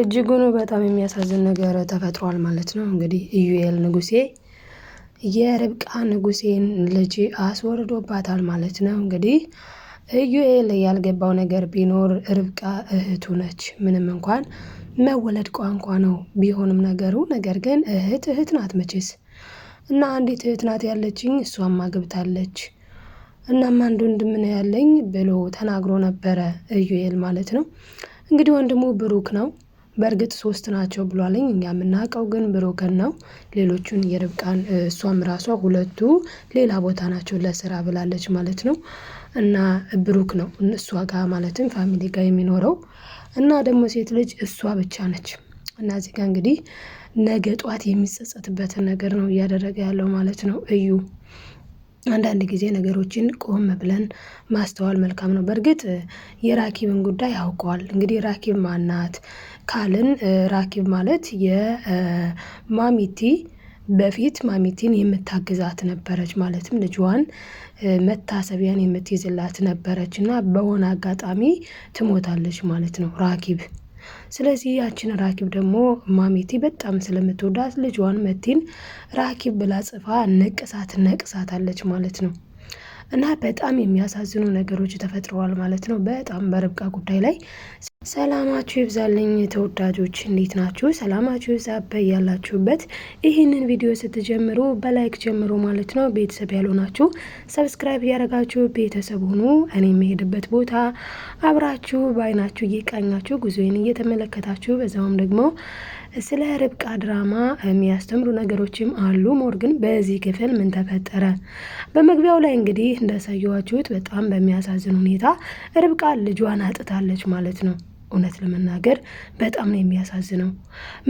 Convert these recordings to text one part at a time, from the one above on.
እጅጉኑ በጣም የሚያሳዝን ነገር ተፈጥሯል ማለት ነው። እንግዲህ ኢዩኤል ንጉሴ የርብቃ ንጉሴን ልጅ አስወርዶባታል ማለት ነው። እንግዲህ ኢዩኤል ያልገባው ነገር ቢኖር ርብቃ እህቱ ነች። ምንም እንኳን መወለድ ቋንቋ ነው ቢሆንም ነገሩ ነገር ግን እህት እህት ናት መቼስ እና አንዲት እህት ናት ያለችኝ፣ እሷም አግብታለች። እናም አንድ ወንድም ነው ያለኝ ብሎ ተናግሮ ነበረ እዩኤል ማለት ነው። እንግዲህ ወንድሙ ብሩክ ነው። በእርግጥ ሶስት ናቸው ብሏለኝ። እኛ የምናውቀው ግን ብሩክን ነው። ሌሎቹን የርብቃን እሷም ራሷ ሁለቱ ሌላ ቦታ ናቸው ለስራ ብላለች ማለት ነው። እና ብሩክ ነው እሷ ጋር ማለትም ፋሚሊ ጋር የሚኖረው እና ደግሞ ሴት ልጅ እሷ ብቻ ነች። እና እዚህ ጋር እንግዲህ ነገ ጧት የሚጸጸትበትን ነገር ነው እያደረገ ያለው ማለት ነው እዩ። አንዳንድ ጊዜ ነገሮችን ቆም ብለን ማስተዋል መልካም ነው። በእርግጥ የራኪብን ጉዳይ ያውቀዋል። እንግዲህ ራኪብ ማናት ካልን ራኪብ ማለት የማሚቲ በፊት ማሚቲን የምታግዛት ነበረች። ማለትም ልጇን መታሰቢያን የምትይዝላት ነበረች እና በሆነ አጋጣሚ ትሞታለች ማለት ነው ራኪብ ስለዚህ ያችን ራኪብ ደግሞ ማሜቲ በጣም ስለምትወዳት ልጇን መቲን ራኪብ ብላ ጽፋ ነቅሳት ነቅሳታለች ማለት ነው። እና በጣም የሚያሳዝኑ ነገሮች ተፈጥረዋል ማለት ነው። በጣም በርብቃ ጉዳይ ላይ ሰላማችሁ ይብዛልኝ ተወዳጆች፣ እንዴት ናችሁ? ሰላማችሁ ይብዛ ያላችሁበት። ይህንን ቪዲዮ ስትጀምሩ በላይክ ጀምሮ ማለት ነው። ቤተሰብ ያልሆናችሁ ሰብስክራይብ እያደረጋችሁ ቤተሰብ ሁኑ። እኔ የምሄድበት ቦታ አብራችሁ በአይናችሁ እየቃኛችሁ ጉዞዬን እየተመለከታችሁ በዛውም ደግሞ ስለ ርብቃ ድራማ የሚያስተምሩ ነገሮችም አሉ። ሞር ግን በዚህ ክፍል ምን ተፈጠረ? በመግቢያው ላይ እንግዲህ እንዳሳየዋችሁት በጣም በሚያሳዝን ሁኔታ ርብቃ ልጇን አጥታለች ማለት ነው። እውነት ለመናገር በጣም ነው የሚያሳዝነው።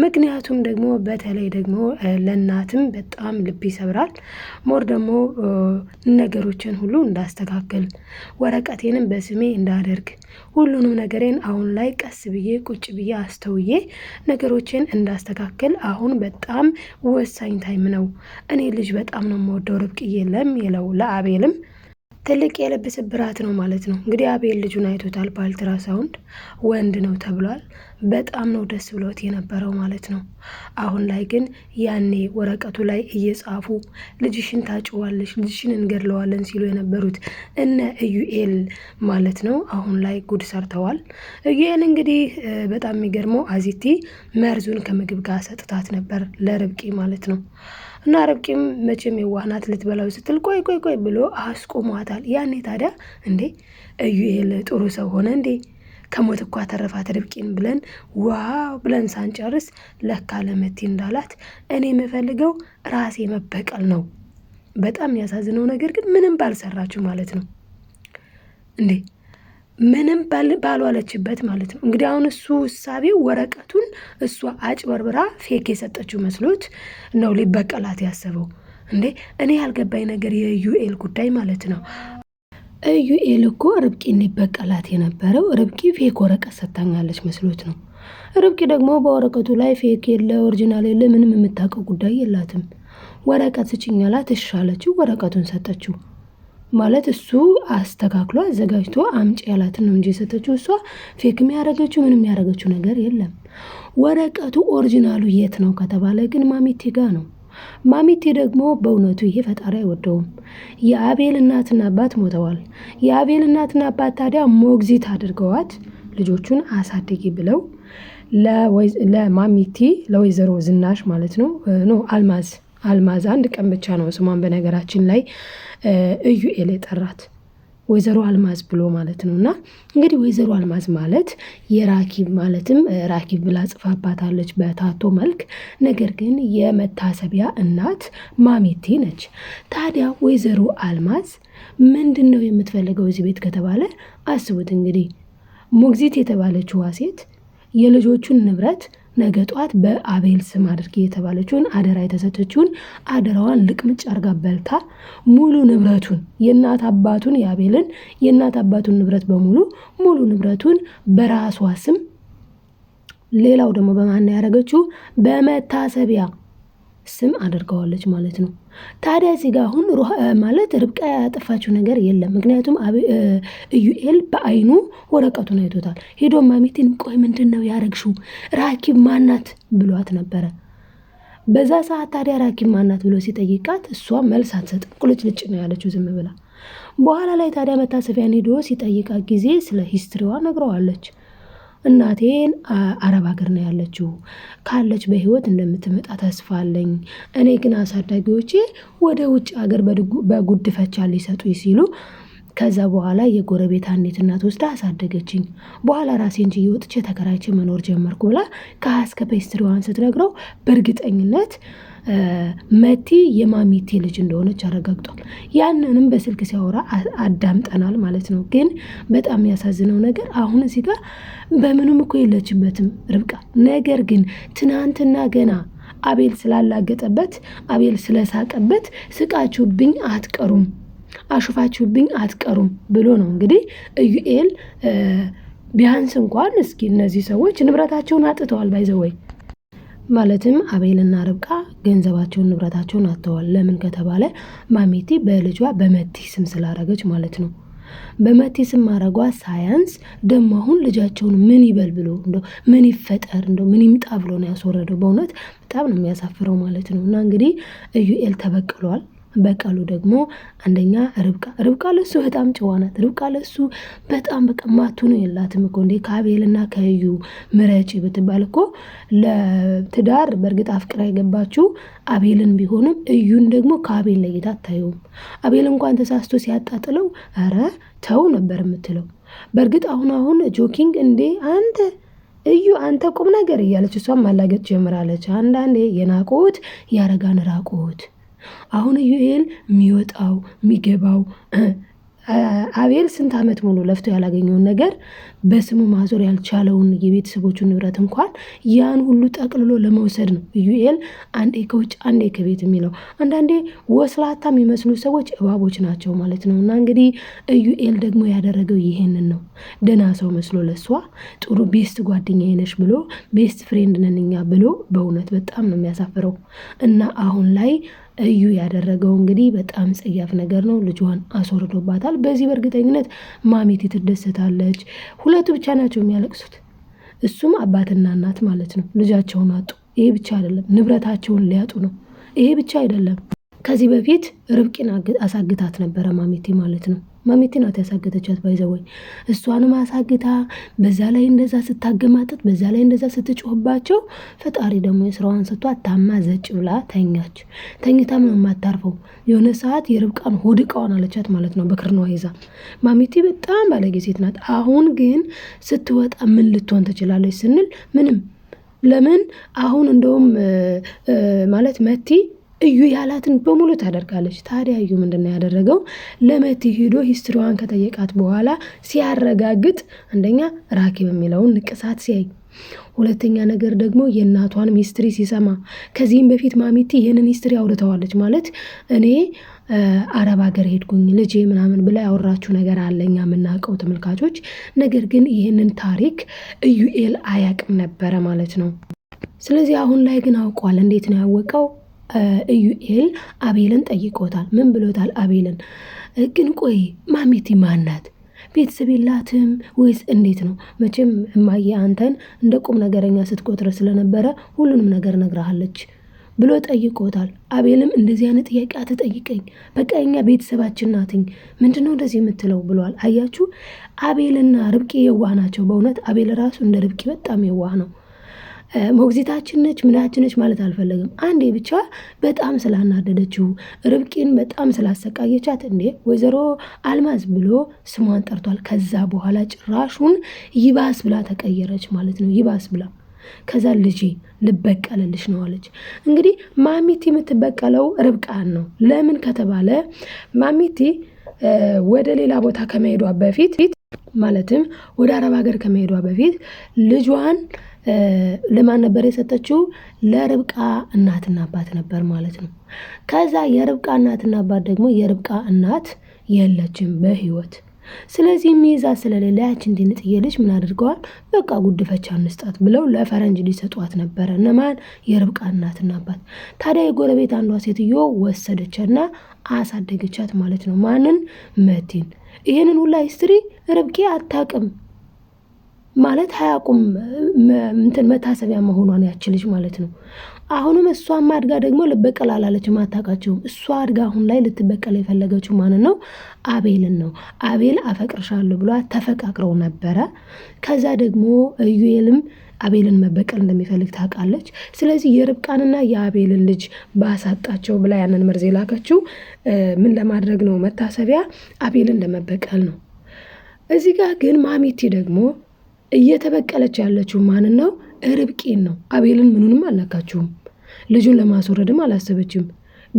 ምክንያቱም ደግሞ በተለይ ደግሞ ለእናትም በጣም ልብ ይሰብራል። ሞር ደግሞ ነገሮችን ሁሉ እንዳስተካከል፣ ወረቀቴንም በስሜ እንዳደርግ፣ ሁሉንም ነገሬን አሁን ላይ ቀስ ብዬ ቁጭ ብዬ አስተውዬ ነገሮችን እንዳስተካከል አሁን በጣም ወሳኝ ታይም ነው። እኔ ልጅ በጣም ነው የምወደው ርብቅዬ ለሚለው ለአቤልም ትልቅ የልብ ስብራት ነው ማለት ነው። እንግዲህ አቤል ልጁን አይቶታል በአልትራሳውንድ ወንድ ነው ተብሏል። በጣም ነው ደስ ብሎት የነበረው ማለት ነው። አሁን ላይ ግን ያኔ ወረቀቱ ላይ እየጻፉ ልጅሽን ታጭዋለሽ፣ ልጅሽን እንገድለዋለን ሲሉ የነበሩት እነ እዩኤል ማለት ነው አሁን ላይ ጉድ ሰርተዋል። እዩኤል እንግዲህ በጣም የሚገርመው አዚቲ መርዙን ከምግብ ጋር ሰጥታት ነበር ለርብቂ ማለት ነው። እና ርብቃም መቼም የዋህናት ልትበላው ስትል ቆይ ቆይ ቆይ ብሎ አስቆሟታል። ያኔ ታዲያ እንዴ እዩኤል ጥሩ ሰው ሆነ እንዴ ከሞት እኳ አተረፋት ርብቃን ብለን ዋው ብለን ሳንጨርስ ለካ ለመቲ እንዳላት እኔ የምፈልገው ራሴ መበቀል ነው። በጣም የሚያሳዝነው ነገር ግን ምንም ባልሰራችሁ ማለት ነው እንዴ ምንም ባልዋለችበት ማለት ነው። እንግዲህ አሁን እሱ ውሳቤ ወረቀቱን እሷ አጭበርብራ ፌክ የሰጠችው መስሎት ነው ሊበቀላት ያሰበው። እንዴ እኔ ያልገባኝ ነገር የዩኤል ጉዳይ ማለት ነው። ዩኤል እኮ ርብቂ ሊበቀላት የነበረው ርብቂ ፌክ ወረቀት ሰጥታኛለች መስሎት ነው። ርብቂ ደግሞ በወረቀቱ ላይ ፌክ የለ ኦሪጂናል የለ ምንም የምታውቀው ጉዳይ የላትም። ወረቀት ስጭኝ አላት። ወረቀቱን ሰጠችው። ማለት እሱ አስተካክሎ አዘጋጅቶ አምጪ ያላትን ነው እንጂ የሰጠችው። እሷ ፌክ የሚያደረገችው ምንም ያደረገችው ነገር የለም። ወረቀቱ ኦሪጂናሉ የት ነው ከተባለ ግን ማሚቴ ጋ ነው። ማሚቴ ደግሞ በእውነቱ ይሄ ፈጣሪ አይወደውም። የአቤል እናትና አባት ሞተዋል። የአቤል እናትና አባት ታዲያ ሞግዚት አድርገዋት ልጆቹን አሳድጊ ብለው ለማሚቴ ለወይዘሮ ዝናሽ ማለት ነው ኖ አልማዝ አልማዝ አንድ ቀን ብቻ ነው ስሟን በነገራችን ላይ እዩኤል የጠራት ወይዘሮ አልማዝ ብሎ ማለት ነው። እና እንግዲህ ወይዘሮ አልማዝ ማለት የራኪብ ማለትም ራኪብ ብላ ጽፋባታለች በታቶ መልክ። ነገር ግን የመታሰቢያ እናት ማሜቴ ነች። ታዲያ ወይዘሮ አልማዝ ምንድን ነው የምትፈልገው እዚህ ቤት ከተባለ አስቡት እንግዲህ ሞግዚት የተባለችዋ ሴት የልጆቹን ንብረት ነገ ጠዋት በአቤል ስም አድርጌ የተባለችውን አደራ የተሰጠችውን አደራዋን ልቅምጭ አርጋ በልታ ሙሉ ንብረቱን የእናት አባቱን የአቤልን የእናት አባቱን ንብረት በሙሉ ሙሉ ንብረቱን በራሷ ስም ሌላው ደግሞ በማን ያደረገችው በመታሰቢያ ስም አድርገዋለች ማለት ነው። ታዲያ እዚህ ጋ አሁን ማለት ርብቃ ያጠፋችው ነገር የለም። ምክንያቱም ኢዩኤል በአይኑ ወረቀቱን አይቶታል። ሄዶ ማሚትን ቆይ ምንድን ነው ያረግሽው? ራኪብ ማናት ብሏት ነበረ። በዛ ሰዓት ታዲያ ራኪብ ማናት ብሎ ሲጠይቃት እሷ መልስ አትሰጥም። ቁልጭ ልጭ ነው ያለችው ዝም ብላ። በኋላ ላይ ታዲያ መታሰቢያን ሄዶ ሲጠይቃት ጊዜ ስለ ሂስትሪዋ ነግረዋለች። እናቴን አረብ ሀገር ነው ያለችው ካለች በህይወት እንደምትመጣ ተስፋ አለኝ። እኔ ግን አሳዳጊዎቼ ወደ ውጭ ሀገር በጉድፈቻ ሊሰጡኝ ሲሉ ከዛ በኋላ የጎረቤት አንዲት እናት ወስዳ አሳደገችኝ። በኋላ ራሴን ችዬ ወጥቼ ተከራይቼ መኖር ጀመርኩ ብላ ከሀ እስከ ፔስትሪዋን ስትነግረው በእርግጠኝነት መቲ የማሚቲ ልጅ እንደሆነች አረጋግጧል። ያንንም በስልክ ሲያወራ አዳምጠናል ማለት ነው። ግን በጣም ያሳዝነው ነገር አሁን እዚህ ጋር በምንም እኮ የለችበትም ርብቃ። ነገር ግን ትናንትና ገና አቤል ስላላገጠበት አቤል ስለሳቀበት ስቃችሁብኝ አትቀሩም፣ አሹፋችሁብኝ አትቀሩም ብሎ ነው እንግዲህ እዩኤል ቢያንስ እንኳን እስኪ እነዚህ ሰዎች ንብረታቸውን አጥተዋል ባይዘወይ ማለትም አቤልና ርብቃ ገንዘባቸውን ንብረታቸውን አጥተዋል። ለምን ከተባለ ማሜቲ በልጇ በመቲ ስም ስላረገች ማለት ነው። በመቲ ስም ማረጓ ሳያንስ ደግሞ አሁን ልጃቸውን ምን ይበል ብሎ እንደው ምን ይፈጠር እንደው ምን ይምጣ ብሎ ነው ያስወረደው። በእውነት በጣም ነው የሚያሳፍረው ማለት ነው። እና እንግዲህ ኢዩኤል ተበቅሏል። በቃሉ ደግሞ አንደኛ ርብቃ ርብቃ ለሱ በጣም ጨዋናት። ርብቃ ለሱ በጣም በቃ ማቱን የላትም እኮ እንዴ ከአቤልና ከዩ ምረጭ ብትባል እኮ ለትዳር በእርግጥ አፍቅራ የገባችው አቤልን ቢሆንም እዩን ደግሞ ከአቤል ለይታ አታየውም። አቤል እንኳን ተሳስቶ ሲያጣጥለው ኧረ ተው ነበር የምትለው። በእርግጥ አሁን አሁን ጆኪንግ እንዴ አንተ እዩ አንተ ቁም ነገር እያለች እሷም ማላገጥ ጀምራለች። አንዳንዴ የናቆት ያረጋን ራቆት አሁን ዩኤል የሚወጣው የሚገባው አቤል ስንት ዓመት ሙሉ ለፍቶ ያላገኘውን ነገር በስሙ ማዞር ያልቻለውን የቤተሰቦቹን ንብረት እንኳን ያን ሁሉ ጠቅልሎ ለመውሰድ ነው ዩኤል አንዴ ከውጭ አንዴ ከቤት የሚለው። አንዳንዴ ወስላታ የሚመስሉ ሰዎች እባቦች ናቸው ማለት ነው። እና እንግዲህ ዩኤል ደግሞ ያደረገው ይሄንን ነው። ደህና ሰው መስሎ ለሷ ጥሩ ቤስት ጓደኛ ነሽ ብሎ ቤስት ፍሬንድ ነንኛ ብሎ በእውነት በጣም ነው የሚያሳፍረው እና አሁን ላይ እዩ ያደረገው እንግዲህ በጣም ጸያፍ ነገር ነው። ልጇን አስወርዶባታል። በዚህ በእርግጠኝነት ማሜቴ ትደሰታለች። ሁለቱ ብቻ ናቸው የሚያለቅሱት፣ እሱም አባትና እናት ማለት ነው። ልጃቸውን አጡ። ይሄ ብቻ አይደለም፣ ንብረታቸውን ሊያጡ ነው። ይሄ ብቻ አይደለም። ከዚህ በፊት ርብቂን አሳግታት ነበረ ማሜቴ ማለት ነው። ማሚቴ ናት ያሳገተቻት። ባይዘወይ እሷንም አሳግታ በዛ ላይ እንደዛ ስታገማጥጥ፣ በዛ ላይ እንደዛ ስትጮህባቸው ፈጣሪ ደግሞ የስራዋን ስቶ ታማ ዘጭ ብላ ተኛች። ተኝታ ነው የማታርፈው። የሆነ ሰዓት የርብቃን ሆድ እቃዋን አለቻት ማለት ነው በክርኗ ይዛ። ማሚቴ በጣም ባለጌ ሴት ናት። አሁን ግን ስትወጣ ምን ልትሆን ትችላለች ስንል ምንም ለምን አሁን እንደውም ማለት መቲ እዩ ያላትን በሙሉ ታደርጋለች። ታዲያ እዩ ምንድን ነው ያደረገው? ለመቲ ሄዶ ሂስትሪዋን ከጠየቃት በኋላ ሲያረጋግጥ አንደኛ ራኪ የሚለውን ንቅሳት ሲያይ፣ ሁለተኛ ነገር ደግሞ የእናቷን ሚስትሪ ሲሰማ፣ ከዚህም በፊት ማሚቲ ይህንን ሂስትሪ አውርተዋለች ማለት እኔ አረብ ሀገር ሄድኩኝ ልጄ ምናምን ብላ ያወራችሁ ነገር አለ እኛ የምናውቀው ተመልካቾች። ነገር ግን ይህንን ታሪክ እዩኤል አያውቅም ነበረ ማለት ነው። ስለዚህ አሁን ላይ ግን አውቋል። እንዴት ነው ያወቀው? ኢዩኤል አቤልን ጠይቆታል። ምን ብሎታል? አቤልን ግን ቆይ ማሚቲ ማናት? ቤተሰብ የላትም ወይስ እንዴት ነው? መቼም እማዬ አንተን እንደ ቁም ነገረኛ ስትቆጥር ስለነበረ ሁሉንም ነገር ነግረሃለች ብሎ ጠይቆታል። አቤልም እንደዚህ አይነት ጥያቄ አትጠይቀኝ፣ በቃ እኛ ቤተሰባችን ናትኝ ምንድን ነው እንደዚህ የምትለው ብሏል። አያችሁ አቤልና ርብቂ የዋህ ናቸው። በእውነት አቤል ራሱ እንደ ርብቂ በጣም የዋህ ነው። ሞግዚታችን ነች ምናችን ነች ማለት አልፈለግም። አንዴ ብቻ በጣም ስላናደደችው ርብቂን በጣም ስላሰቃየቻት እንዴ ወይዘሮ አልማዝ ብሎ ስሟን ጠርቷል። ከዛ በኋላ ጭራሹን ይባስ ብላ ተቀየረች ማለት ነው። ይባስ ብላ ከዛ ልጅ ልበቀልልሽ ነው አለች። እንግዲህ ማሚቲ የምትበቀለው ርብቃን ነው። ለምን ከተባለ ማሚቲ ወደ ሌላ ቦታ ከመሄዷ በፊት ማለትም ወደ አረብ ሀገር ከመሄዷ በፊት ልጇን ለማን ነበር የሰጠችው? ለርብቃ እናትና አባት ነበር ማለት ነው። ከዛ የርብቃ እናትና አባት ደግሞ የርብቃ እናት የለችም በህይወት ስለዚህ ሚዛ ስለሌለ ያችን ድንጥዬ ልጅ ምን አድርገዋል? በቃ ጉድፈቻ እንስጣት ብለው ለፈረንጅ ሊሰጧት ነበረ። እነማን? የርብቃ እናትና አባት። ታዲያ የጎረቤት አንዷ ሴትዮ ወሰደቻና አሳደገቻት ማለት ነው። ማንን? መቲን። ይህንን ሁላ ሂስትሪ ርብቄ አታውቅም። ማለት ሀያቁም እንትን መታሰቢያ መሆኗን ያችልች ማለት ነው። አሁንም እሷም አድጋ ደግሞ ልበቀል አላለችም፣ አታውቃቸውም። እሷ አድጋ አሁን ላይ ልትበቀል የፈለገችው ማንን ነው? አቤልን ነው። አቤል አፈቅርሻለሁ ብሏ ተፈቃቅረው ነበረ። ከዛ ደግሞ ዩኤልም አቤልን መበቀል እንደሚፈልግ ታውቃለች። ስለዚህ የርብቃንና የአቤልን ልጅ ባሳጣቸው ብላ ያንን መርዝ የላከችው ምን ለማድረግ ነው? መታሰቢያ አቤልን ለመበቀል ነው። እዚህ ጋር ግን ማሚቲ ደግሞ እየተበቀለች ያለችው ማንን ነው? ርብቃን ነው። አቤልን ምኑንም አልነካችሁም። ልጁን ለማስወረድም አላሰበችም።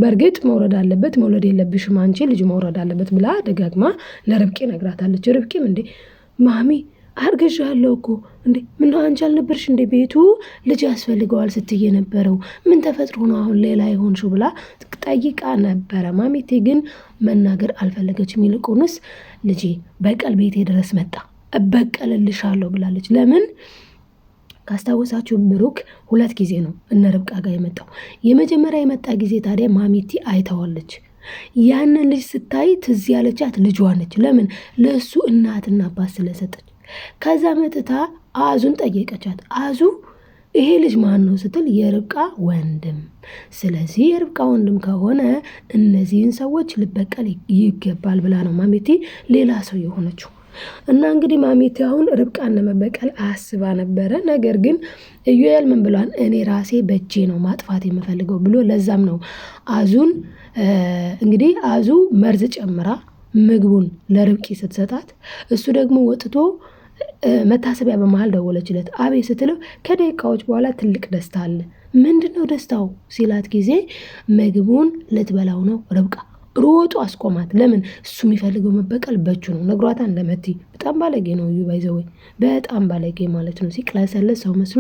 በእርግጥ መውረድ አለበት መውለድ የለብሽም አንቺ ልጁ መውረድ አለበት ብላ ደጋግማ ለርብቃ ነግራታለች። ርብቃም እንዴ ማሚ አርግዣለሁ እኮ እንዴ ምን አንቺ አልነበርሽ እንዴ ቤቱ ልጅ ያስፈልገዋል ስትይ የነበረው ምን ተፈጥሮ ነው አሁን ሌላ የሆንሽው ብላ ጠይቃ ነበረ። ማሚቴ ግን መናገር አልፈለገችም። ይልቁንስ ልጄ በቀል ቤቴ ድረስ መጣ እበቀልልሻለሁ ብላለች። ለምን ካስታወሳችሁ ብሩክ ሁለት ጊዜ ነው እነ ርብቃ ጋር የመጣው። የመጀመሪያ የመጣ ጊዜ ታዲያ ማሚቲ አይተዋለች። ያንን ልጅ ስታይ ትዝ ያለቻት ልጇ ነች። ለምን ለእሱ እናትና አባት ስለሰጠች። ከዛ መጥታ አዙን ጠየቀቻት። አዙ ይሄ ልጅ ማን ነው ስትል የርብቃ ወንድም። ስለዚህ የርብቃ ወንድም ከሆነ እነዚህን ሰዎች ልበቀል ይገባል ብላ ነው ማሚቲ ሌላ ሰው የሆነችው። እና እንግዲህ ማሚቴ አሁን ርብቃን ለመበቀል አስባ ነበረ። ነገር ግን ኢዩኤል ምን ብሏል? እኔ ራሴ በእጄ ነው ማጥፋት የምፈልገው ብሎ ለዛም ነው አዙን እንግዲህ አዙ መርዝ ጨምራ ምግቡን ለርብቃ ስትሰጣት እሱ ደግሞ ወጥቶ መታሰቢያ በመሀል ደወለችለት። አቤ ስትለው ከደቂቃዎች በኋላ ትልቅ ደስታ አለ። ምንድን ነው ደስታው ሲላት ጊዜ ምግቡን ልትበላው ነው ርብቃ ሮጦ አስቆማት። ለምን እሱ የሚፈልገው መበቀል በእጁ ነው። ነግሯታን ለመቲ በጣም ባለጌ ነው እዩ ባይዘወይ በጣም ባለጌ ማለት ነው። ሲቅለሰለ ሰው መስሎ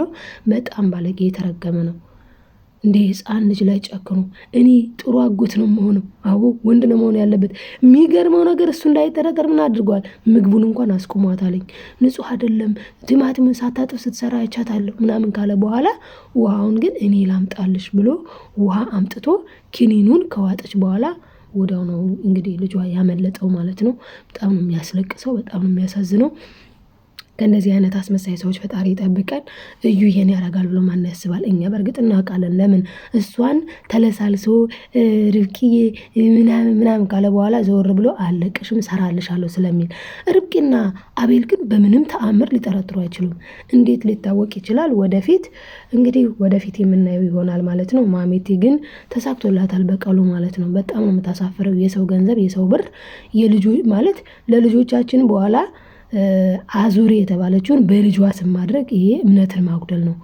በጣም ባለጌ የተረገመ ነው። እንደ ህፃን ልጅ ላይ ጨክኖ እኔ ጥሩ አጎት ነው መሆነው። አዎ ወንድ ነው መሆን ያለበት። የሚገርመው ነገር እሱ እንዳይጠረጠር ምን አድርጓል? ምግቡን እንኳን አስቆሟት አለኝ። ንጹህ አይደለም ቲማቲምን ሳታጥብ ስትሰራ አይቻታለሁ ምናምን ካለ በኋላ ውሃውን ግን እኔ ላምጣልሽ ብሎ ውሃ አምጥቶ ኪኒኑን ከዋጠች በኋላ ወዲያው ነው እንግዲህ ልጇ ያመለጠው ማለት ነው። በጣም ነው የሚያስለቅሰው፣ በጣም ነው የሚያሳዝነው። ከእነዚህ አይነት አስመሳይ ሰዎች ፈጣሪ ይጠብቀን። እዩ ይሄን ያደርጋል ብሎ ማን ያስባል? እኛ በእርግጥ እናውቃለን። ለምን እሷን ተለሳልሶ ርብቂ ምናምን ምናምን ካለ በኋላ ዘወር ብሎ አለቅሽም ሰራልሻለሁ ስለሚል ርብቂና አቤል ግን በምንም ተአምር ሊጠረጥሩ አይችሉም። እንዴት ሊታወቅ ይችላል? ወደፊት እንግዲህ ወደፊት የምናየው ይሆናል ማለት ነው። ማሜቴ ግን ተሳክቶላታል በቀሉ ማለት ነው። በጣም ነው የምታሳፍረው። የሰው ገንዘብ፣ የሰው ብር፣ የልጆ ማለት ለልጆቻችን በኋላ አዙሪ የተባለችውን በልጇ ስም ማድረግ ይሄ እምነትን ማጉደል ነው።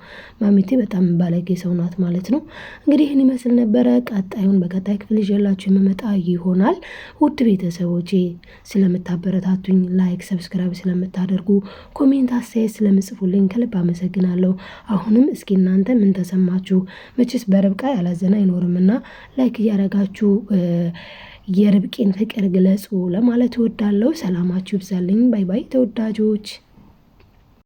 ማሚቴ በጣም ባለጌ ሰው ናት ማለት ነው። እንግዲህ ይህን ይመስል ነበረ። ቀጣዩን በቀጣይ ክፍል ይዤላችሁ የምመጣ ይሆናል። ውድ ቤተሰቦቼ ስለምታበረታቱኝ፣ ላይክ፣ ሰብስክራይብ ስለምታደርጉ፣ ኮሜንት አስተያየት ስለምጽፉልኝ ከልብ አመሰግናለሁ። አሁንም እስኪ እናንተ ምን ተሰማችሁ? መቼስ በርብቃ ያላዘነ አይኖርምና ላይክ እያረጋችሁ የርብቄን ፍቅር ግለጹ ለማለት እወዳለሁ። ሰላማችሁ ይብዛልኝ። ባይ ባይ ተወዳጆች።